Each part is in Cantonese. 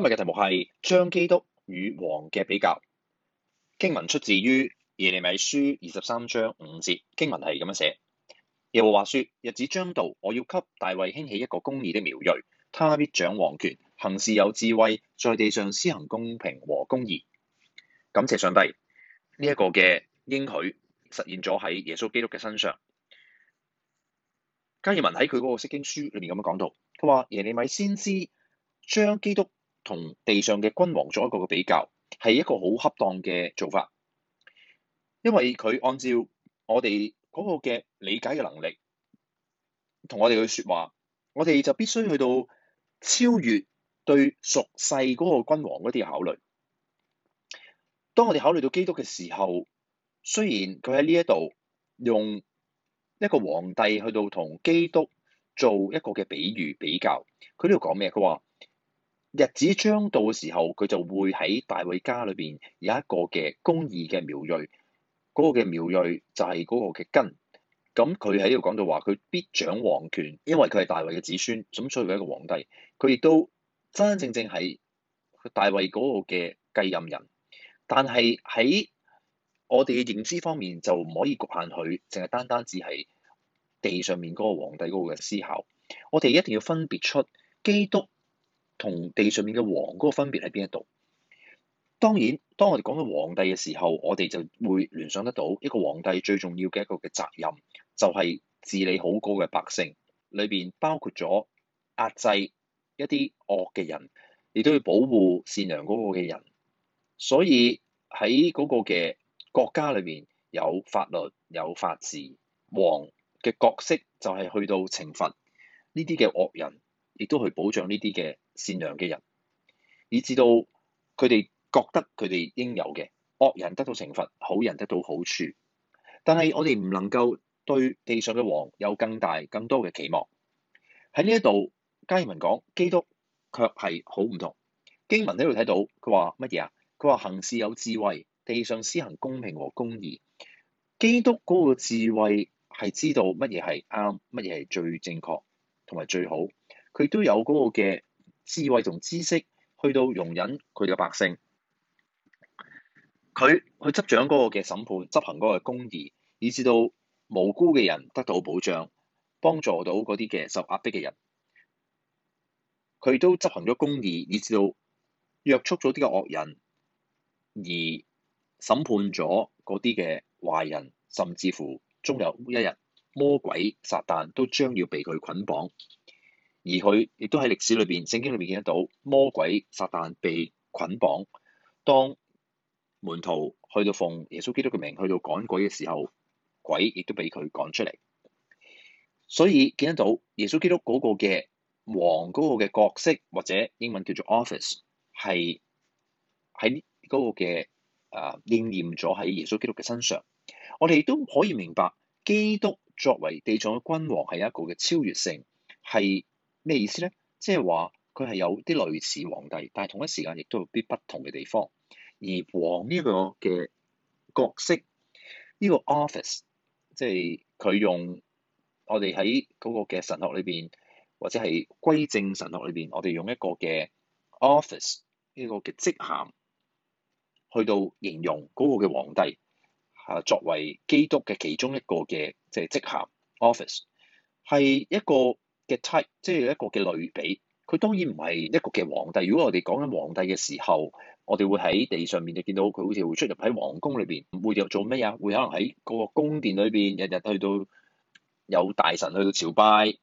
今日嘅題目係將基督與王嘅比較。經文出自於耶利米書二十三章五節，經文係咁樣寫：耶和華說，日子將到，我要給大衛興起一個公義的苗裔，他必掌王權，行事有智慧，在地上施行公平和公義。感謝上帝，呢、這、一個嘅應許實現咗喺耶穌基督嘅身上。加爾文喺佢嗰個釋經書裏面咁樣講到，佢話耶利米先知將基督，同地上嘅君王做一個嘅比較，係一個好恰當嘅做法，因為佢按照我哋嗰個嘅理解嘅能力，同我哋去說話，我哋就必須去到超越對屬世嗰個君王嗰啲考慮。當我哋考慮到基督嘅時候，雖然佢喺呢一度用一個皇帝去到同基督做一個嘅比喻比較，佢呢度講咩？佢話。日子將到嘅時候，佢就會喺大衛家裏邊有一個嘅公義嘅苗裔，嗰、那個嘅苗裔就係嗰個嘅根。咁佢喺度講到話，佢必掌皇權，因為佢係大衛嘅子孫，咁所以佢係一個皇帝，佢亦都真真正正係大衛嗰個嘅繼任人。但係喺我哋嘅認知方面，就唔可以局限佢，淨係單單只係地上面嗰個皇帝嗰個嘅思考。我哋一定要分別出基督。同地上面嘅王嗰個分別喺邊一度？當然，當我哋講到皇帝嘅時候，我哋就會聯想得到一個皇帝最重要嘅一個嘅責任就係治理好高嘅百姓，裏邊包括咗壓制一啲惡嘅人，亦都要保護善良嗰個嘅人。所以喺嗰個嘅國家裏邊有法律，有法治，王嘅角色就係去到懲罰呢啲嘅惡人，亦都去保障呢啲嘅。善良嘅人，以至到佢哋覺得佢哋應有嘅惡人得到懲罰，好人得到好處，但係我哋唔能夠對地上嘅王有更大、更多嘅期望。喺呢一度，加爾文講基督卻係好唔同。經文喺度睇到，佢話乜嘢啊？佢話行事有智慧，地上施行公平和公義。基督嗰個智慧係知道乜嘢係啱，乜嘢係最正確同埋最好。佢都有嗰個嘅。智慧同知識，去到容忍佢哋嘅百姓，佢去執掌嗰個嘅審判、執行嗰個公義，以至到無辜嘅人得到保障，幫助到嗰啲嘅受壓迫嘅人，佢都執行咗公義，以至到約束咗啲嘅惡人，而審判咗嗰啲嘅壞人，甚至乎終有一日魔鬼撒但都將要被佢捆綁。而佢亦都喺歷史裏邊、聖經裏邊見得到魔鬼撒旦被捆綁，當門徒去到奉耶穌基督嘅名去到趕鬼嘅時候，鬼亦都俾佢趕出嚟。所以見得到耶穌基督嗰個嘅王嗰個嘅角色，或者英文叫做 office，係喺嗰個嘅啊應驗咗喺耶穌基督嘅身上。我哋都可以明白基督作為地上嘅君王係一個嘅超越性，係。咩意思咧？即係話佢係有啲類似皇帝，但係同一時間亦都有啲不同嘅地方。而王呢個嘅角色，呢個 office，即係佢用我哋喺嗰嘅神學裏邊或者係歸正神學裏邊我哋用一個嘅 office，呢個嘅職銜，去到形容個嘅皇帝，吓作為基督嘅其中一個嘅即係職銜 office，係一個。嘅 type，即係一個嘅類比。佢當然唔係一個嘅皇帝。如果我哋講緊皇帝嘅時候，我哋會喺地上面就見到佢好似會出入喺皇宮裏邊，會入做咩啊？會可能喺個宮殿裏邊日日去到有大臣去到朝拜。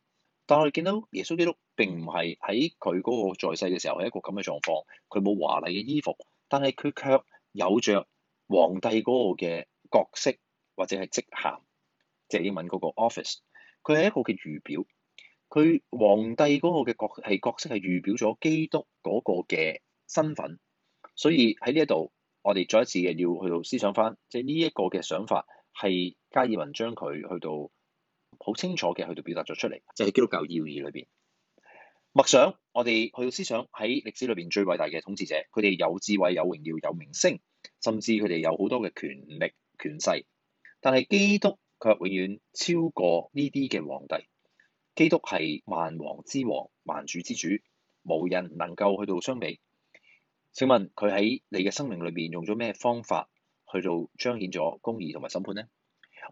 但係見到耶穌基督並唔係喺佢嗰個在世嘅時候係一個咁嘅狀況。佢冇華麗嘅衣服，但係佢卻有着皇帝嗰個嘅角色或者係職銜，即係英文嗰個 office。佢係一個嘅預表。佢皇帝嗰個嘅角係角色係預表咗基督嗰個嘅身份，所以喺呢一度，我哋再一次嘅要去到思想返，即係呢一個嘅想法係加爾文將佢去到好清楚嘅去到表達咗出嚟，就係基督教要義裏邊，默想我哋去到思想喺歷史裏邊最偉大嘅統治者，佢哋有智慧、有榮耀、有名聲，甚至佢哋有好多嘅權力、權勢，但係基督卻永遠超過呢啲嘅皇帝。基督係萬王之王、萬主之主，無人能夠去到相比。請問佢喺你嘅生命裏邊用咗咩方法去做彰顯咗公義同埋審判呢？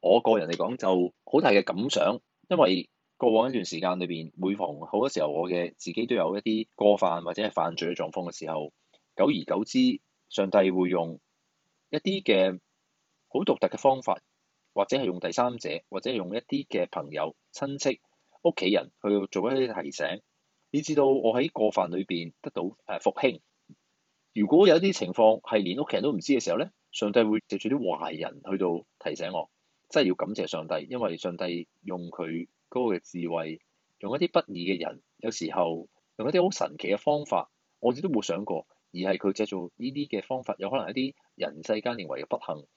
我個人嚟講就好大嘅感想，因為過往一段時間裏邊每逢好多時候，我嘅自己都有一啲過犯或者係犯罪嘅狀況嘅時候，久而久之，上帝會用一啲嘅好獨特嘅方法，或者係用第三者，或者係用一啲嘅朋友、親戚。屋企人去做一啲提醒，以至到我喺過犯裏邊得到誒復興。如果有啲情況係連屋企人都唔知嘅時候咧，上帝會借住啲壞人去到提醒我，真係要感謝上帝，因為上帝用佢高嘅智慧，用一啲不義嘅人，有時候用一啲好神奇嘅方法，我哋都冇想過，而係佢借做呢啲嘅方法，有可能一啲人世間認為嘅不幸，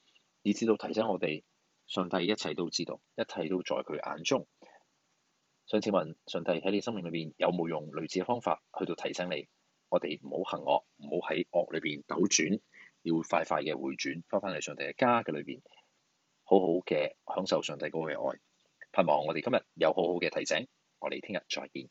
以至到提醒我哋，上帝一切都知道，一切都在佢眼中。上次問上帝喺你生命裏邊有冇用類似嘅方法去到提醒你我，我哋唔好行惡，唔好喺惡裏邊糾轉，要快快嘅回轉，翻返去上帝嘅家嘅裏邊，好好嘅享受上帝嗰個嘅愛。盼望我哋今日有好好嘅提醒，我哋聽日再見。